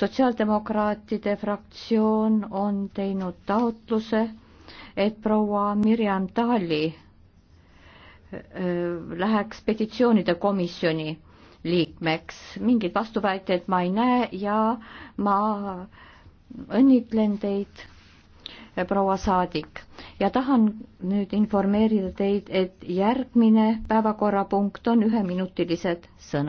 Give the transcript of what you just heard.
sotsiaaldemokraatide fraktsioon on teinud taotluse, et proua Mirjam Tali läheks petitsioonide komisjoni liikmeks. mingeid vastuväiteid ma ei näe ja ma õnnitlen teid, proua saadik, ja tahan nüüd informeerida teid, et järgmine päevakorrapunkt on üheminutilised sõnad.